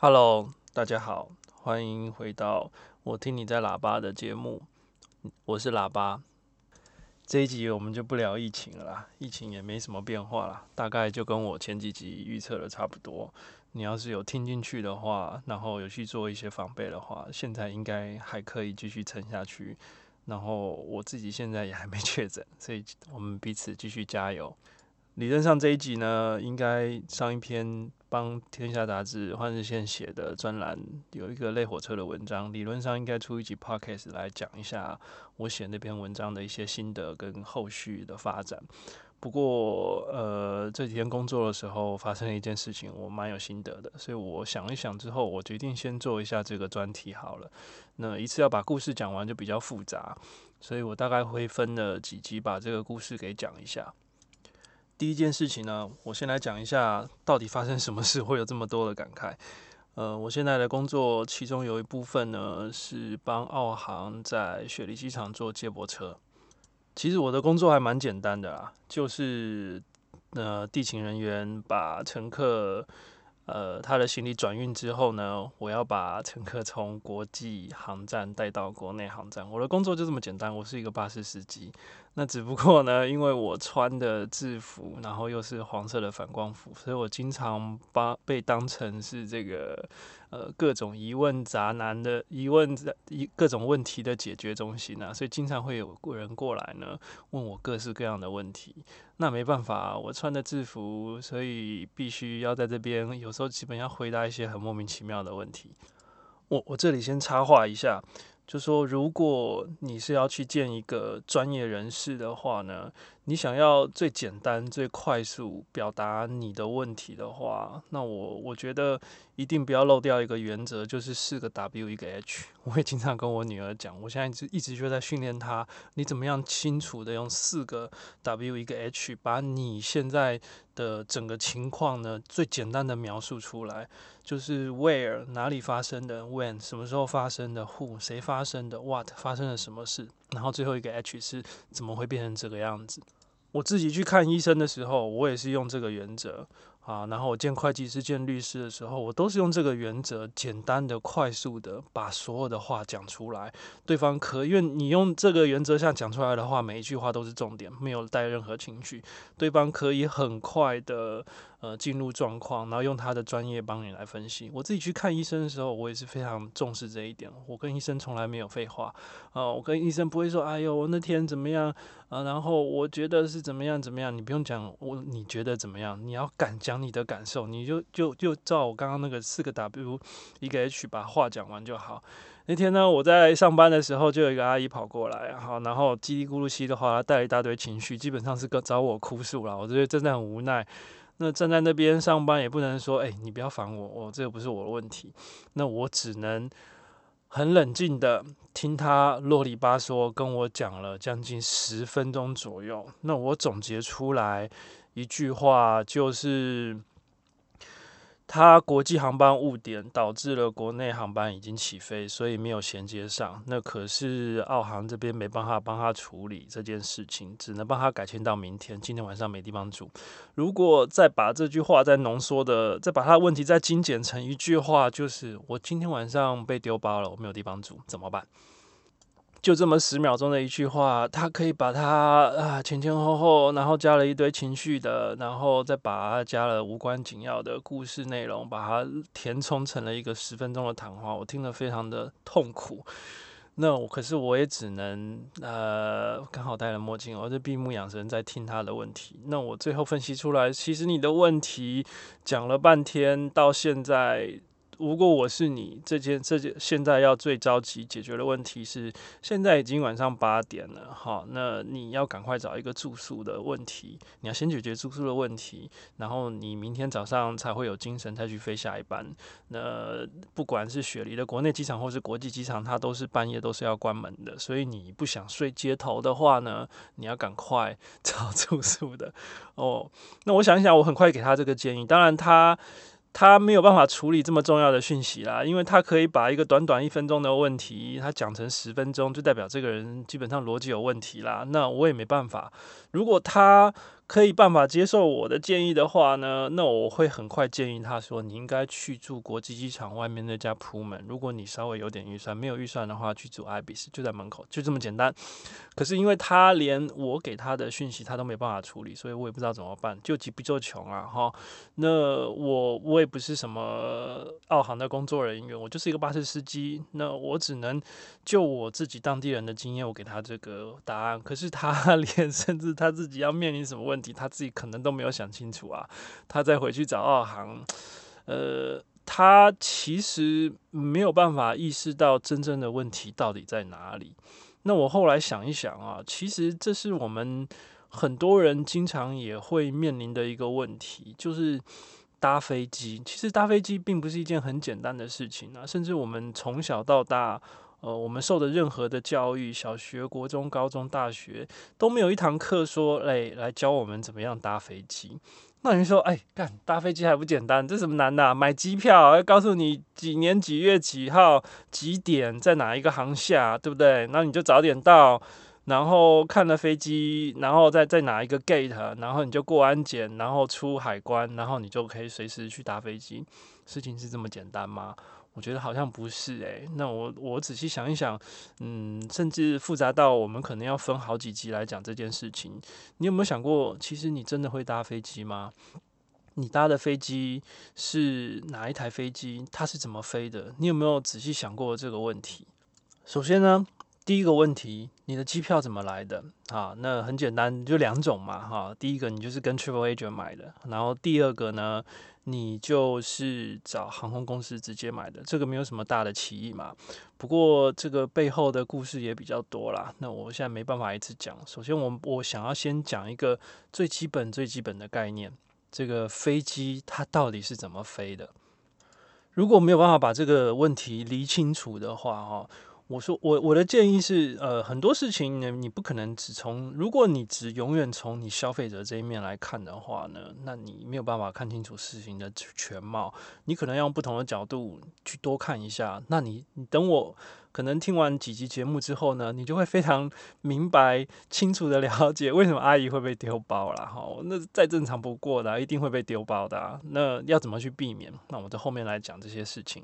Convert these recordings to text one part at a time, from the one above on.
Hello，大家好，歡迎回到我聽你在喇叭的節目，我是喇叭。這一集我們就不聊疫情了啦，疫情也沒什麼變化啦，大概就跟我前幾集預測的差不多。你要是有聽進去的話，然後有去做一些防備的話，現在應該還可以繼續撐下去。然後我自己現在也還沒確診，所以我們彼此繼續加油。理論上這一集呢，應該上一篇幫《天下雜誌》《換日線》寫的專欄有一個“累火車”的文章，理論上應該出一集 podcast 來講一下我寫那篇文章的一些心得跟後續的發展。不過，呃，這幾天工作的時候發生了一件事情，我蠻有心得的，所以我想一想之後，我決定先做一下這個專題好了。那一次要把故事講完就比較複雜，所以我大概會分了幾集把這個故事給講一下。第一件事情呢，我先來講一下到底發生什麼事會有這麼多的感慨。呃，我現在的工作其中有一部分呢，是幫澳航在雪梨機場做接駁車。其實我的工作還蠻簡單的啦，就是呃地勤人員把乘客呃他的行李轉運之後呢，我要把乘客從國際航站帶到國內航站。我的工作就這麼簡單，我是一個巴士司機。那只不過呢，因為我穿的制服，然後又是黃色的反光服，所以我經常被被當成是這個呃各種疑問雜難的疑問、一各種問題的解決中心啊，所以經常會有個人過來呢問我各式各樣的問題。那沒辦法啊，我穿的制服，所以必須要在這邊，有時候基本要回答一些很莫名其妙的問題。我我這裡先插話一下。就是說，如果你是要去見一個專業人士的話呢，你想要最簡單、最快速表達你的問題的話，那我我覺得一定不要漏掉一個原則，就是四個 W 一個 H。我也經常跟我女兒講，我現在就一直就在訓練她，你怎麼樣清楚地用四個 W 一個 H 把你現在的整個情況呢最簡單的描述出來，就是 Where 哪裡發生的，When 什麼時候發生的，Who 誰發生的，What 發生了什麼事，然後最後一個 H 是怎麼會變成這個樣子。我自己去看醫生的時候，我也是用這個原則。啊，然後我見會計師、見律師的時候，我都是用這個原則，簡單的、快速的把所有的話講出來，對方可，因為你用這個原則下講出來的話，每一句話都是重點，沒有帶任何情緒，對方可以很快的呃進入狀況，然後用他的專業幫你來分析。我自己去看醫生的時候，我也是非常重視這一點，我跟醫生從來沒有廢話啊，我跟醫生不會說，哎呦，我那天怎麼樣啊，然後我覺得是怎麼樣怎麼樣，你不用講我，我你覺得怎麼樣，你要敢講。你的感受，你就就就照我剛剛那個四個 W，一個 H，把話講完就好。那天呢，我在上班的時候，就有一個阿姨跑過來，然後然後嘰里咕嚕西的話，帶了一大堆情緒，基本上是跟找我哭訴了。我覺得真的很無奈。那站在那邊上班，也不能說，哎、欸，你不要煩我，我、哦、這個不是我的問題。那我只能很冷靜的聽他囉里吧嗦跟我講了將近十分鐘左右。那我總結出來。一句話就是，他國際航班誤點，導致了國內航班已經起飛，所以沒有銜接上。那可是澳航這邊沒辦法幫他處理這件事情，只能幫他改簽到明天。今天晚上沒地方住。如果再把這句話再濃縮的，再把他的問題再精簡成一句話，就是我今天晚上被丟包了，我沒有地方住，怎麼辦？就這麼十秒鐘的一句話，他可以把它啊前前後後，然後加了一堆情緒的，然後再把它加了無關緊要的故事內容，把它填充成了一個十分鐘的談話，我聽得非常的痛苦。那我可是我也只能呃，剛好戴了墨鏡，我就閉目養神在聽他的問題。那我最後分析出來，其實你的問題講了半天，到現在。如果我是你，這件這件現在要最着急解決的問題是，現在已經晚上八點了，哈，那你要趕快找一個住宿的問題，你要先解決住宿的問題，然後你明天早上才會有精神再去飛下一班。那不管是雪梨的國內機場或是國際機場，它都是半夜都是要關門的，所以你不想睡街頭的話呢，你要趕快找住宿的。哦，那我想一想，我很快給他這個建議。當然他。他沒有辦法處理這麼重要的訊息啦，因為他可以把一個短短一分鐘的問題，他講成十分鐘，就代表這個人基本上邏輯有問題啦。那我也沒辦法，如果他。可以辦法接受我的建議的話呢，那我會很快建議他說，你應該去住國際機場外面那家鋪門。如果你稍微有點預算，沒有預算的話，去住艾比斯就在門口，就這麼簡單。可是因為他連我給他的訊息他都沒辦法處理，所以我也不知道怎麼辦，救急不救窮啊，哈。那我我也不是什麼澳航的工作人員，我就是一個巴士司機。那我只能就我自己當地人的經驗，我給他這個答案。可是他連甚至他自己要面臨什麼問題他自己可能都沒有想清楚啊，他再回去找澳航，呃，他其實沒有辦法意識到真正的問題到底在哪裡。那我後來想一想啊，其實這是我們很多人經常也會面臨的一個問題，就是搭飛機。其實搭飛機並不是一件很簡單的事情啊，甚至我們從小到大。呃，我們受的任何的教育，小學、國中、高中、大學都沒有一堂課說，誒、哎，來教我們怎麼樣搭飛機。那你說，哎，幹搭飛機還不簡單？這什麼難的、啊？買機票，要告訴你幾年幾月幾號幾點在哪一個航廈，對不對？那你就早點到，然後看了飛機，然後再在哪一個 gate，然後你就過安檢，然後出海關，然後你就可以隨時去搭飛機。事情是這麼簡單嗎？我覺得好像不是誒、欸，那我我仔細想一想，嗯，甚至複雜到我們可能要分好幾集來講這件事情。你有沒有想過，其實你真的會搭飛機嗎？你搭的飛機是哪一台飛機？它是怎麼飛的？你有沒有仔細想過這個問題？首先呢。第一個問題，你的機票怎麼來的？好、啊，那很簡單，就兩種嘛，哈、啊。第一個你就是跟 travel agent 買的，然後第二個呢，你就是找航空公司直接買的，這個沒有什麼大的歧義嘛。不過這個背後的故事也比較多啦，那我現在沒辦法一直講。首先我，我我想要先講一個最基本最基本的概念，這個飛機它到底是怎麼飛的？如果沒有辦法把這個問題理清楚的話，哈、啊。我說我我的建議是，呃，很多事情呢，你不可能只從，如果你只永遠從你消費者這一面來看的話呢，那你沒有辦法看清楚事情的全貌。你可能要用不同的角度去多看一下。那你，你等我可能聽完幾集節目之後呢，你就會非常明白、清楚的了解為什麼阿姨會被丟包了哈。那再正常不過的啊，一定會被丟包的啊。那要怎麼去避免？那我在後面來講這些事情。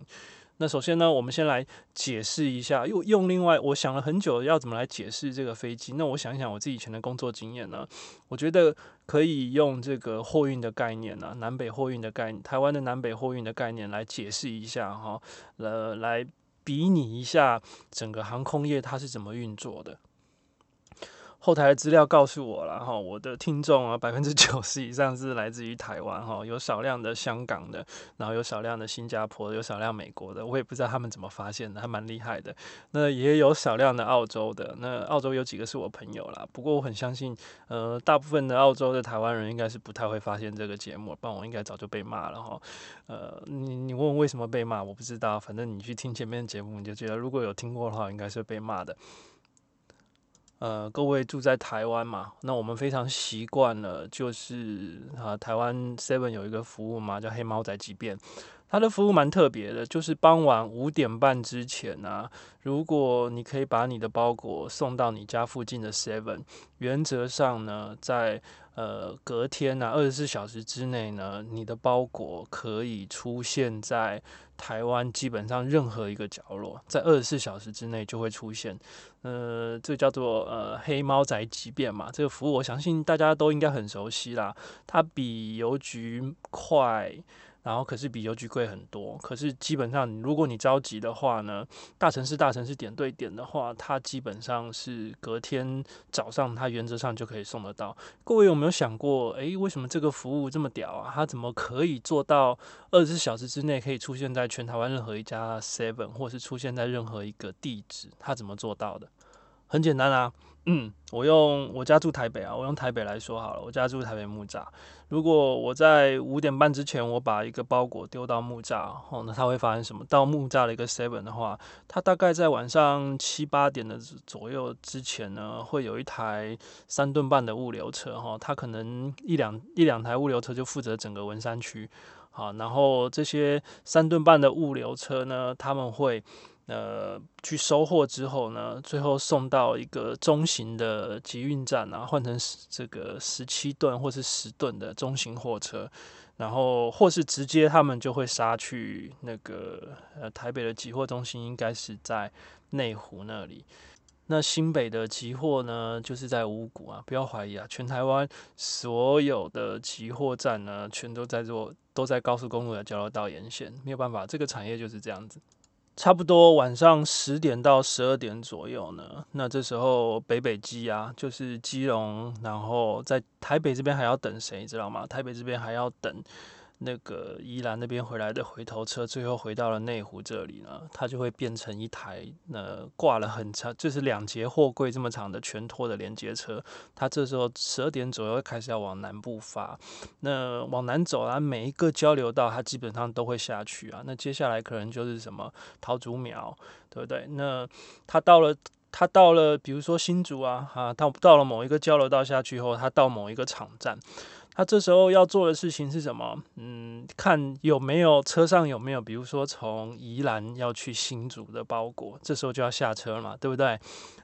那首先呢，我們先來解釋一下，用用另外，我想了很久要怎麼來解釋這個飛機。那我想一想我自己以前的工作經驗呢，我覺得可以用這個貨運的概念呢、啊，南北貨運的概念，台灣的南北貨運的概念來解釋一下哈、哦，呃，來比擬一下整個航空業它是怎麼運作的。後台的資料告訴我了哈，我的聽眾啊，百分之九十以上是來自於台灣哈，有少量的香港的，然後有少量的新加坡的，有少量美國的，我也不知道他們怎麼發現的，還蠻厲害的。那也有少量的澳洲的，那澳洲有幾個是我朋友啦，不過我很相信，呃，大部分的澳洲的台灣人應該是不太會發現這個節目，不然我應該早就被罵了哈。呃，你你問為什麼被罵，我不知道，反正你去聽前面的節目，你就覺得如果有聽過的話，應該是被罵的。呃，各位住在台灣嘛，那我們非常習慣了，就是啊，台灣 Seven 有一個服務嘛，叫黑貓宅急便。它的服務蠻特別的，就是傍晚五點半之前呢，啊，如果你可以把你的包裹送到你家附近的 Seven，原則上呢，在呃隔天啊，二十四小時之內呢，你的包裹可以出現在。台灣基本上任何一個角落，在二十四小時之內就會出現，呃，這個、叫做呃黑貓宅急便嘛。這個服務我相信大家都應該很熟悉啦，它比郵局快。然後可是比郵局貴很多，可是基本上如果你着急的話呢，大城市大城市點對點的話，它基本上是隔天早上，它原則上就可以送得到。各位有沒有想過，誒，為什麼這個服務這麼屌啊？它怎麼可以做到二十四小時之內可以出現在全台灣任何一家 Seven，或是出現在任何一個地址？它怎麼做到的？很簡單啊。嗯，我用我家住台北啊，我用台北來說好了。我家住台北木柵。如果我在五點半之前我把一個包裹丟到木柵，哦，那它會發生什麼？到木柵的一個 Seven 的話，它大概在晚上七八點的左右之前呢，會有一台三噸半的物流車哈、哦，它可能一兩一兩台物流車就負責整個文山區，好、哦，然後這些三噸半的物流車呢，他們會。呃，去收貨之後呢，最後送到一個中型的集運站啊，換成這個十七噸或是十噸的中型貨車，然後或是直接他們就會殺去那個呃台北的集貨中心，應該是在內湖那裡。那新北的集貨呢，就是在五,五股啊，不要懷疑啊，全台灣所有的集貨站呢，全都在做，都在高速公路的交流道沿線，沒有辦法，這個產業就是這樣子。差不多晚上十點到十二點左右呢，那這時候北北基啊，就是基隆，然後在台北這邊還要等誰，知道嗎？台北這邊還要等。那個宜蘭那邊回來的回頭車，最後回到了內湖這裡呢，它就會變成一台那、呃、掛了很長，就是兩節貨櫃這麼長的全拖的聯結車。它這時候十二點左右開始要往南部發，那往南走啊，每一個交流道它基本上都會下去啊。那接下來可能就是什麼桃竹苗，對不對？那它到了，它到了，比如說新竹啊，哈、啊，到到了某一個交流道下去後，它到某一個場站。他這時候要做的事情是什麼？嗯，看有沒有車上有沒有，比如說從宜蘭要去新竹的包裹，這時候就要下車嘛，對不對？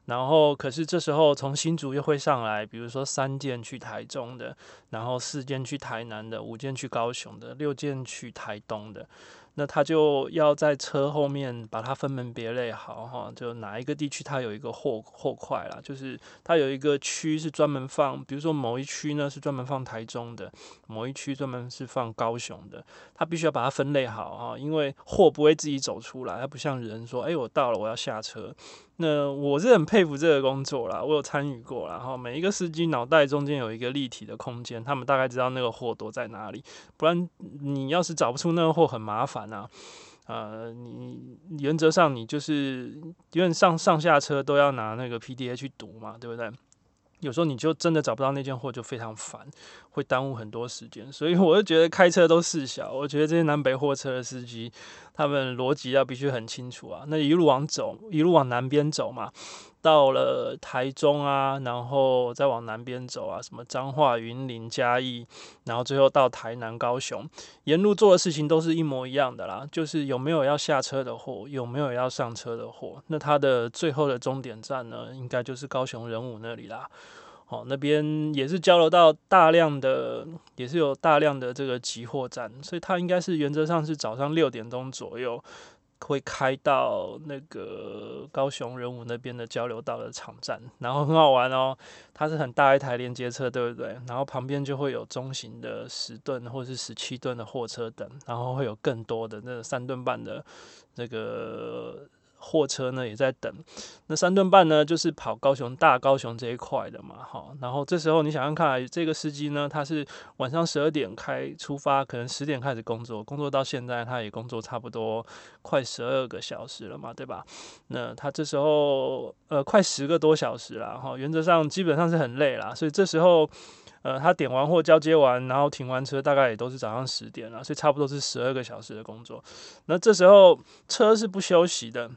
然後，可是這時候從新竹又會上來，比如說三件去台中的，然後四件去台南的，五件去高雄的，六件去台東的。那他就要在車後面把它分門別類好哈，就哪一個地區它有一個貨貨塊啦，就是它有一個區是專門放，比如說某一區呢是專門放台中的，某一區專門是放高雄的，他必須要把它分類好哈，因為貨不會自己走出來，它不像人說，哎，我到了，我要下車。那我是很佩服這個工作啦，我有參與過啦。然後每一個司機腦袋中間有一個立體的空間，他們大概知道那個貨躲在哪裡，不然你要是找不出那個貨，很麻煩呐，啊。呃，你原則上你就是因為上上下車都要拿那個 PDA 去讀嘛，對不對？有時候你就真的找不到那件貨，就非常煩，會耽誤很多時間。所以我就覺得開車都事小，我覺得這些南北貨車的司機，他們邏輯要必須很清楚啊。那一路往走，一路往南邊走嘛。到了台中啊，然後再往南邊走啊，什麼彰化、雲林、嘉義，然後最後到台南、高雄，沿路做的事情都是一模一樣的啦。就是有沒有要下車的貨，有沒有要上車的貨，那它的最後的終點站呢，應該就是高雄仁武那裡啦。哦，那邊也是交流到大量的，也是有大量的這個集貨站，所以它應該是原則上是早上六點鐘左右。會開到那個高雄仁武那邊的交流道的場站，然後很好玩哦。它是很大一台連接車，對不對？然後旁邊就會有中型的十噸或是十七噸的貨車等，然後會有更多的那三噸半的那個。貨車呢也在等，那三噸半呢就是跑高雄大高雄這一塊的嘛，哈。然後這時候你想想看，這個司機呢，他是晚上十二點開出發，可能十點開始工作，工作到現在他也工作差不多快十二個小時了嘛，對吧？那他這時候呃快十個多小時了，哈。原則上基本上是很累啦，所以這時候呃他點完貨交接完，然後停完車，大概也都是早上十點了，所以差不多是十二個小時的工作。那這時候車是不休息的。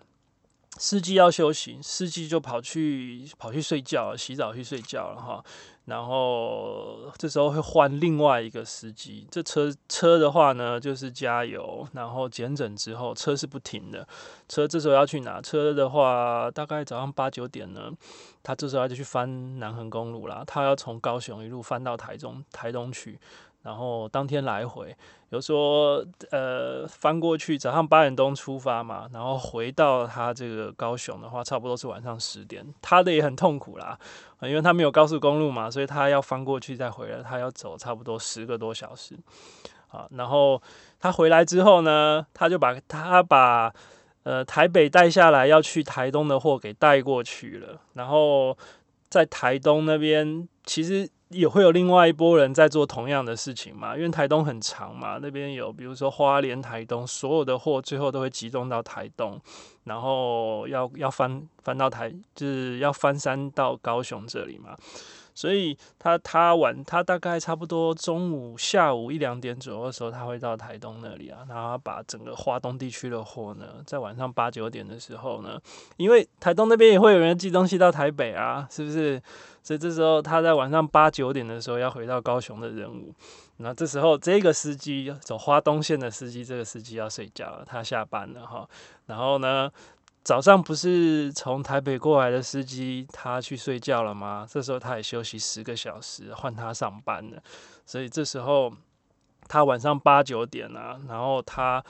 司機要休息，司機就跑去跑去睡覺、洗澡去睡覺了哈。然後這時候會換另外一個司機。這車車的話呢，就是加油，然後檢診之後，車是不停的。車這時候要去哪？車的話大概早上八九點呢，他這時候要就去翻南橫公路啦。他要從高雄一路翻到台中、台東去。然後當天來回，有說呃翻過去，早上八點鐘出發嘛，然後回到他這個高雄的話，差不多是晚上十點。他的也很痛苦啦，呃，因為他沒有高速公路嘛，所以他要翻過去再回來，他要走差不多十個多小時。啊，然後他回來之後呢，他就把他把呃台北帶下來要去台東的貨給帶過去了，然後在台東那邊其實。也會有另外一波人在做同樣的事情嘛，因為台東很長嘛，那邊有比如說花蓮、台東，所有的貨最後都會集中到台東，然後要要翻翻到台，就是要翻山到高雄這裡嘛。所以他他晚他大概差不多中午下午一兩點左右的時候，他會到台東那裡啊，然後把整個花東地區的貨呢，在晚上八九點的時候呢，因為台東那邊也會有人寄東西到台北啊，是不是？所以這時候他在晚上八九點的時候要回到高雄的任務，那這時候這個司機走花東線的司機，這個司機要睡覺了，他下班了哈，然後呢？早上不是從台北過來的司機，他去睡覺了嗎？這時候他也休息十個小時，換他上班了。所以這時候他晚上八九點啊，然後他。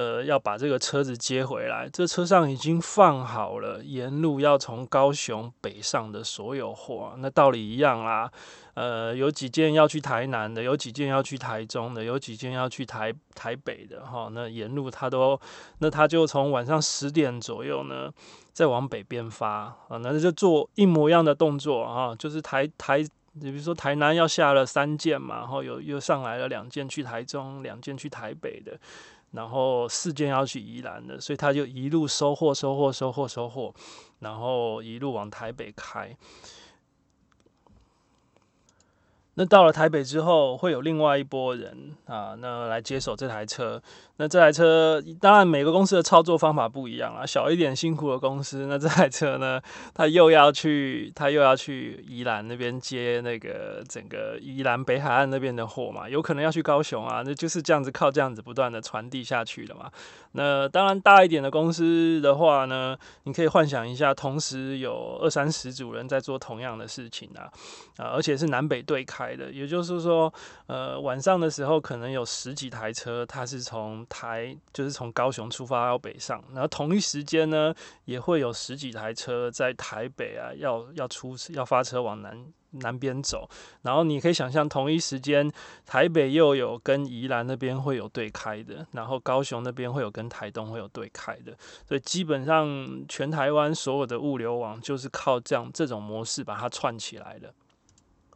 呃，要把這個車子接回來，這車上已經放好了沿路要從高雄北上的所有貨啊，那道理一樣啦啊。呃，有幾件要去台南的，有幾件要去台中的，有幾件要去台台北的哈。那沿路他都，那他就從晚上十點左右呢，再往北邊發啊，那就做一模一樣的動作啊，就是台台，你比如說台南要下了三件嘛，然後有又上來了兩件去台中，兩件去台北的。然後四件要去宜蘭的，所以他就一路收貨、收貨、收貨、收貨，然後一路往台北開。那到了台北之後，會有另外一波人啊，那來接手這台車。那這台車，當然每個公司的操作方法不一樣啦。小一點、辛苦的公司，那這台車呢，它又要去，它又要去宜蘭那邊接那個整個宜蘭北海岸那邊的貨嘛，有可能要去高雄啊，那就是這樣子，靠這樣子不斷的傳遞下去的嘛。那當然大一點的公司的話呢，你可以幻想一下，同時有二三十組人在做同樣的事情啊，啊、呃，而且是南北對開的，也就是說，呃，晚上的時候可能有十幾台車，它是從台就是從高雄出發到北上，然後同一時間呢，也會有十幾台車在台北啊，要要出要發車往南南邊走，然後你可以想象同一時間台北又有跟宜蘭那邊會有對開的，然後高雄那邊會有跟台東會有對開的，所以基本上全台灣所有的物流網就是靠這樣這種模式把它串起來的。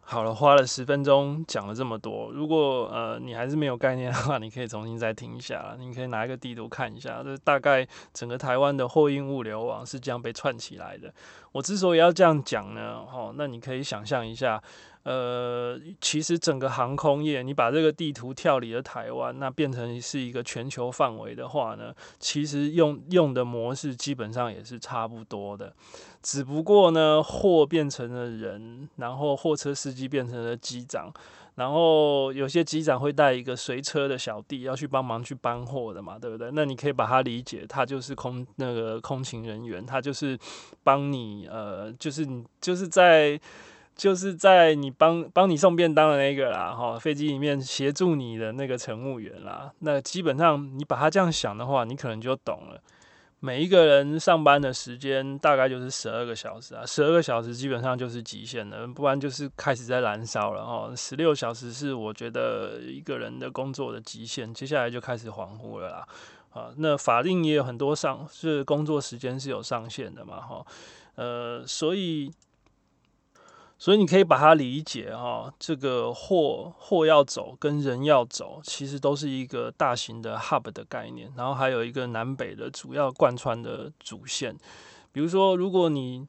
好了，花了十分鐘講了這麼多，如果呃你還是沒有概念的話，你可以重新再聽一下，你可以拿一個地圖看一下，這大概整個台灣的貨運物流網是這樣被串起來的。我之所以要這樣講呢，哦，那你可以想象一下。呃，其實整個航空業，你把這個地圖跳離了台灣，那變成是一個全球範圍的話呢，其實用用的模式基本上也是差不多的，只不過呢，貨變成了人，然後貨車司機變成了機長，然後有些機長會帶一個隨車的小弟要去幫忙去搬貨的嘛，對不對？那你可以把它理解，他就是空，那個空勤人員，他就是幫你，呃，就是你就是在。就是在你幫幫你送便當的那個啦，哈，飛機裡面協助你的那個乘務員啦。那基本上你把他這樣想的話，你可能就懂了。每一個人上班的時間大概就是十二個小時啊，十二個小時基本上就是極限了，不然就是開始在燃燒了哈。十六小時是我覺得一個人的工作的極限，接下來就開始恍惚了啦。啊，那法令也有很多上是工作時間是有上限的嘛，哈，呃，所以。所以你可以把它理解哈、哦，這個貨貨要走跟人要走，其實都是一個大型的 hub 的概念，然後還有一個南北的主要貫穿的主線，比如說如果你。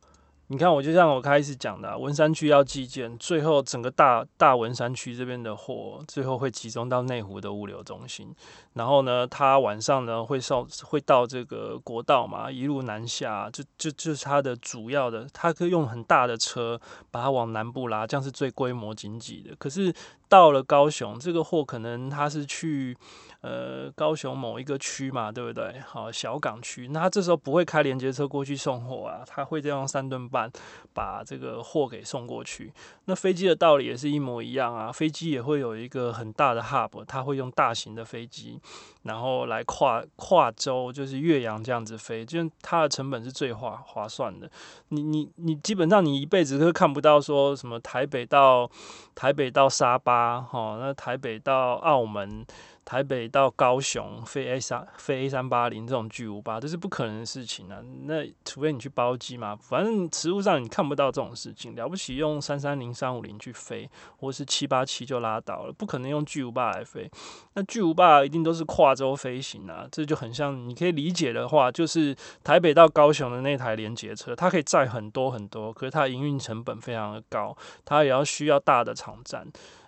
你看，我就像我開始講的啊，文山區要寄件，最後整個大大文山區這邊的貨，最後會集中到內湖的物流中心。然後呢，他晚上呢會上會到這個國道嘛，一路南下，就就就是他的主要的，他可以用很大的車把它往南部拉，這樣是最規模經濟的。可是到了高雄，這個貨可能他是去呃高雄某一個區嘛，對不對？好，小港區，那他這時候不會開連接車過去送貨啊，他會這樣三噸半把這個貨給送過去。那飛機的道理也是一模一樣啊，飛機也會有一個很大的 hub，他會用大型的飛機然後來跨跨洲，就是越洋這樣子飛，就它的成本是最划划算的。你你你基本上你一輩子都會看不到說什麼台北到台北到沙巴。啊，好，那台北到澳門，台北到高雄，飛 A 3飛 A 三八零，這種巨無霸這是不可能的事情啊。那除非你去包機嘛，反正實務上你看不到這種事情。了不起用三三零、三五零，去飛，或是七八七，就拉倒了，不可能用巨無霸來飛。那巨無霸一定都是跨洲飛行啊，這就很像你可以理解的話，就是台北到高雄的那台連接車，它可以載很多很多，可是它的營運成本非常的高，它也要需要大的場站。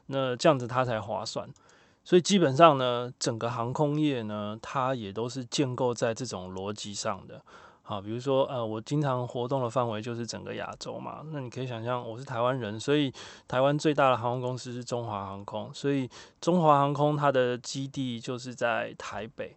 那這樣子它才划算，所以基本上呢，整個航空業呢，它也都是建構在這種邏輯上的。好，比如說呃，我經常活動的範圍就是整個亞洲嘛，那你可以想象，我是台灣人，所以台灣最大的航空公司是中華航空，所以中華航空它的基地就是在台北。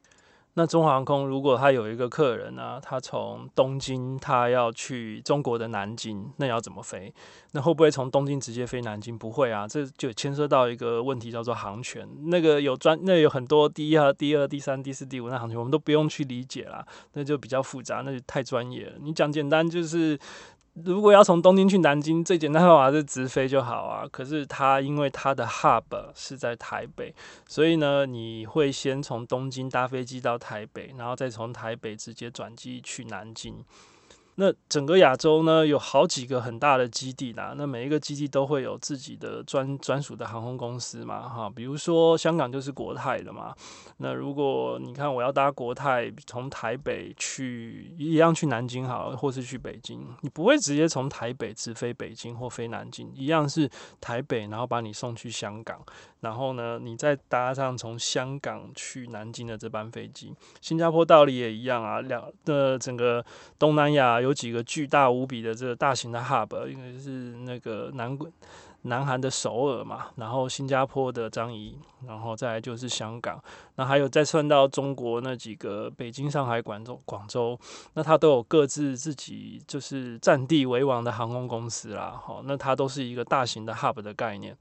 那中華航空如果他有一個客人呢、啊，他從東京他要去中國的南京，那要怎麼飛？那會不會從東京直接飛南京？不會啊，這就牽涉到一個問題，叫做航權。那個有專，那個、有很多第一啊、第二、第三、第四、第五那航權，我們都不用去理解啦。那就比較複雜，那就太專業了。你講簡單就是。如果要從東京去南京，最簡單的方法是直飛就好啊。可是它因為它的 hub 是在台北，所以呢，你會先從東京搭飛機到台北，然後再從台北直接轉機去南京。那整個亞洲呢，有好幾個很大的基地啦。那每一個基地都會有自己的專專屬的航空公司嘛，哈。比如說香港就是國泰的嘛。那如果你看我要搭國泰從台北去，一樣去南京好了，或是去北京，你不會直接從台北直飛北京或飛南京，一樣是台北，然後把你送去香港，然後呢，你再搭上從香港去南京的這班飛機。新加坡道理也一樣啊。兩，呃，整個東南亞有啊。有幾個巨大無比的這個大型的 hub，因為是那個南南韓的首爾嘛，然後新加坡的樟宜，然後再來就是香港，那還有再算到中國那幾個北京、上海、廣州、廣州，那它都有各自自己就是佔地為王的航空公司啦。好、哦，那它都是一個大型的 hub 的概念。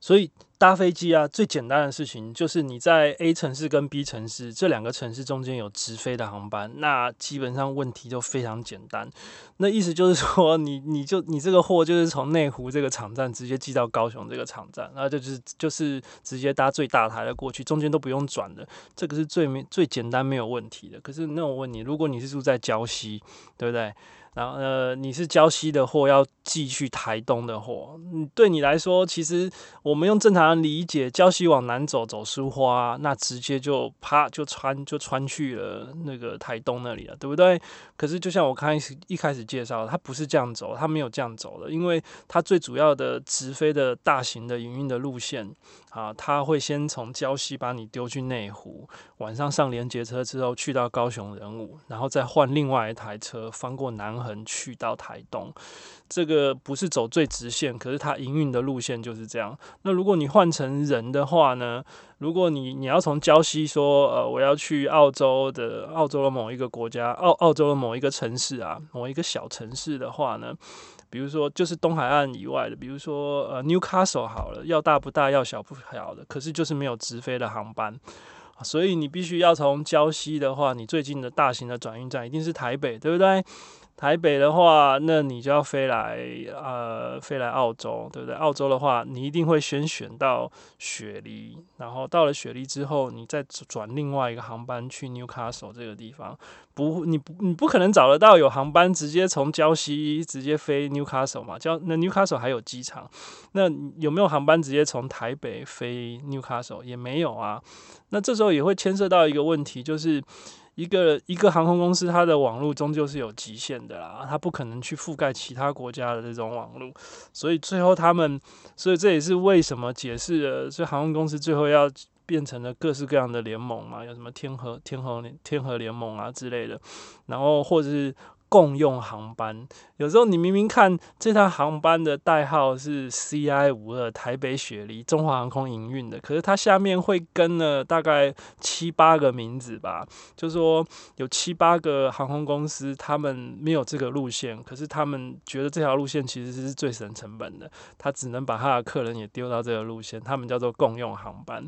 所以搭飛機啊，最簡單的事情就是你在 A 城市跟 B 城市這兩個城市中間有直飛的航班，那基本上問題就非常簡單。那意思就是說你，你你就你這個貨就是從內湖這個場站直接寄到高雄這個場站，那就，就是就是直接搭最大台的過去，中間都不用轉的，這個是最沒最簡單沒有問題的。可是那我問你，如果你是住在礁溪，對不對？然後呃，你是礁溪的貨要寄去台東的貨，對你來說，其實我們用正常的理解，礁溪往南走走蘇花，那直接就啪就穿就穿去了那個台東那裡了，對不對？可是就像我剛一,一開始介紹，它不是這樣走，它沒有這樣走的，因為它最主要的直飛的大型的營運的路線。啊，他會先從礁溪把你丟去內湖，晚上上聯結車之後去到高雄仁武，然後再換另外一台車翻過南橫去到台東。這個不是走最直線，可是它營運的路線就是這樣。那如果你換成人的話呢？如果你你要從礁溪說，呃，我要去澳洲的澳洲的某一個國家，澳澳洲的某一個城市啊，某一個小城市的話呢？比如說就是東海岸以外的，比如說呃 Newcastle 好了，要大不大，要小不小的。可是就是沒有直飛的航班，所以你必須要從礁溪的話，你最近的大型的轉運站一定是台北，對不對？台北的話，那你就要飛來呃，飛來澳洲，對不對？澳洲的話，你一定會先選到雪梨，然後到了雪梨之後，你再轉另外一個航班去 Newcastle 這個地方。不，你不，你不可能找得到有航班直接從礁西直接飛 Newcastle 嘛。礁那 Newcastle 還有機場，那有沒有航班直接從台北飛 Newcastle？也沒有啊。那這時候也會牽涉到一個問題，就是。一個一個航空公司，它的網絡終究是有極限的啦，它不可能去覆蓋其他國家的這種網絡，所以最後他們，所以這也是為什麼解釋了，所以航空公司最後要變成了各式各樣的聯盟嘛，有什麼天合天合天合聯盟啊之類的，然後或者是。共用航班，有時候你明明看這趟航班的代號是 C I 五二，台北雪梨，中華航空營運的，可是它下面會跟了大概七八個名字吧，就說有七八個航空公司，他們沒有這個路線，可是他們覺得這條路線其實是最省成本的，他只能把他的客人也丟到這個路線，他們叫做共用航班。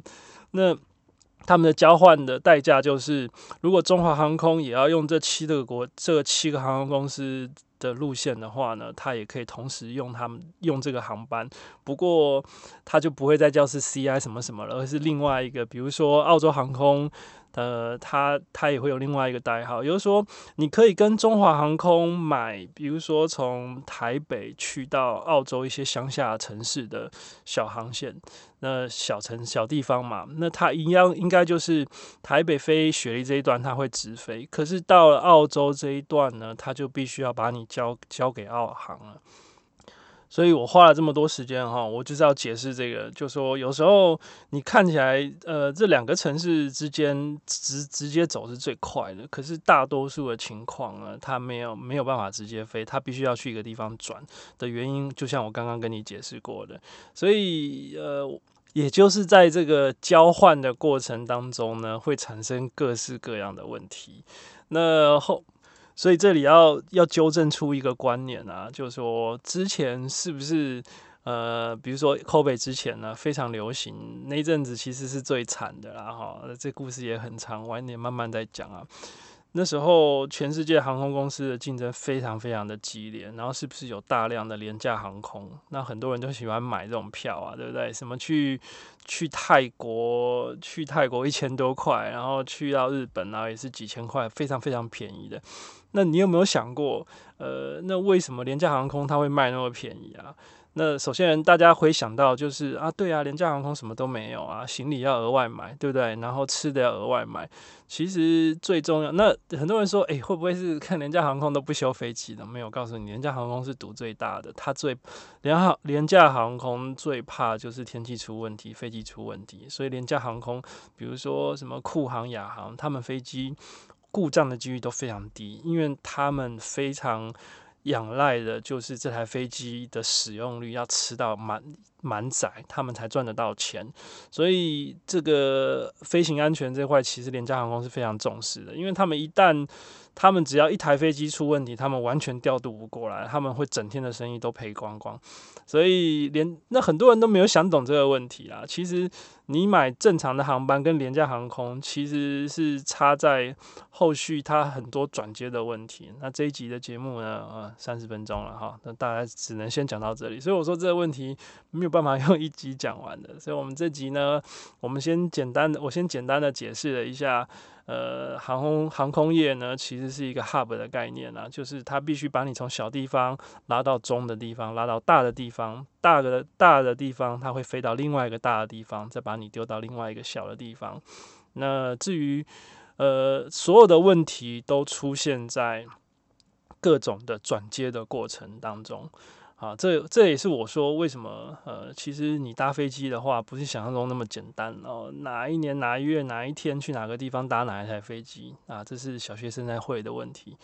那他們的交換的代價就是，如果中華航空也要用這七個國這七個航空公司的路線的話呢，他也可以同時用他們用這個航班，不過他就不會再叫是 CI 什麼什麼了，而是另外一個，比如說澳洲航空。呃，它它也會有另外一個代號，也就是說，你可以跟中華航空買，比如說從台北去到澳洲一些鄉下城市的小航線，那小城小地方嘛，那它一樣應該就是台北飛雪梨這一段它會直飛，可是到了澳洲這一段呢，它就必須要把你交交給澳航了。所以我花了這麼多時間哈，我就是要解釋這個，就說有時候你看起來呃，這兩個城市之間直直接走是最快的，可是大多數的情況呢，它沒有沒有辦法直接飛，它必須要去一個地方轉的原因，就像我剛剛跟你解釋過的，所以呃，也就是在這個交換的過程當中呢，會產生各式各樣的問題，那後。所以這裡要要糾正出一個觀念啊，就是說之前是不是呃，比如說 Kobe 之前呢、啊、非常流行。那陣子其實是最慘的啦哈，這故事也很長，晚一點慢慢再講啊。那時候，全世界航空公司的競爭非常非常的激烈，然後是不是有大量的廉價航空？那很多人都喜歡買這種票啊，對不對？什麼去去泰國，去泰國一千多塊，然後去到日本啊，也是幾千塊，非常非常便宜的。那你有沒有想過，呃，那為什麼廉價航空它會賣那麼便宜啊？那首先，大家會想到就是啊，對啊，廉價航空什麼都沒有啊，行李要額外買，對不對？然後吃的要額外買。其實最重要，那很多人說，誒、欸，會不會是看廉價航空都不修飛機的？沒有告訴你，廉價航空是賭最大的。它最廉航廉價航空最怕就是天氣出問題，飛機出問題。所以廉價航空，比如說什麼酷航、亞航，他們飛機故障的幾率都非常低，因為他們非常。仰賴的就是這台飛機的使用率要吃到滿滿載，他們才賺得到錢。所以，這個飛行安全這塊，其實廉價航空是非常重視的，因為他們一旦他們只要一台飛機出問題，他們完全調度不過來，他們會整天的生意都賠光光，所以連那很多人都沒有想懂這個問題啦。其實你買正常的航班跟廉價航空其實是差在後續它很多轉接的問題。那這一集的節目呢，呃，三十分鐘了哈，那大概只能先講到這裡。所以我說這個問題沒有辦法用一集講完的，所以我們這集呢，我們先簡單的，我先簡單的解釋了一下。呃，航空航空業呢，其實是一個 hub 的概念啦，啊，就是它必須把你從小地方拉到中的地方，拉到大的地方，大的大的地方，它會飛到另外一個大的地方，再把你丟到另外一個小的地方。那至於呃，所有的問題都出現在各種的轉接的過程當中。啊，這這也是我說為什麼呃，其實你搭飛機的話，不是想象中那麼簡單哦。哪一年哪一月哪一天去哪個地方搭哪一台飛機啊？這是小學生才會的問題。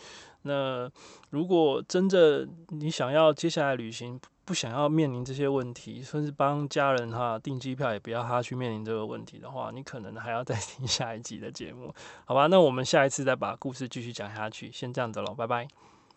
那如果真正你想要接下來旅行不，不想要面臨這些問題，甚至幫家人哈訂機票，也不要他去面臨這個問題的話，你可能還要再聽下一集的節目，好吧？那我們下一次再把故事繼續講下去，先這樣子了，拜拜。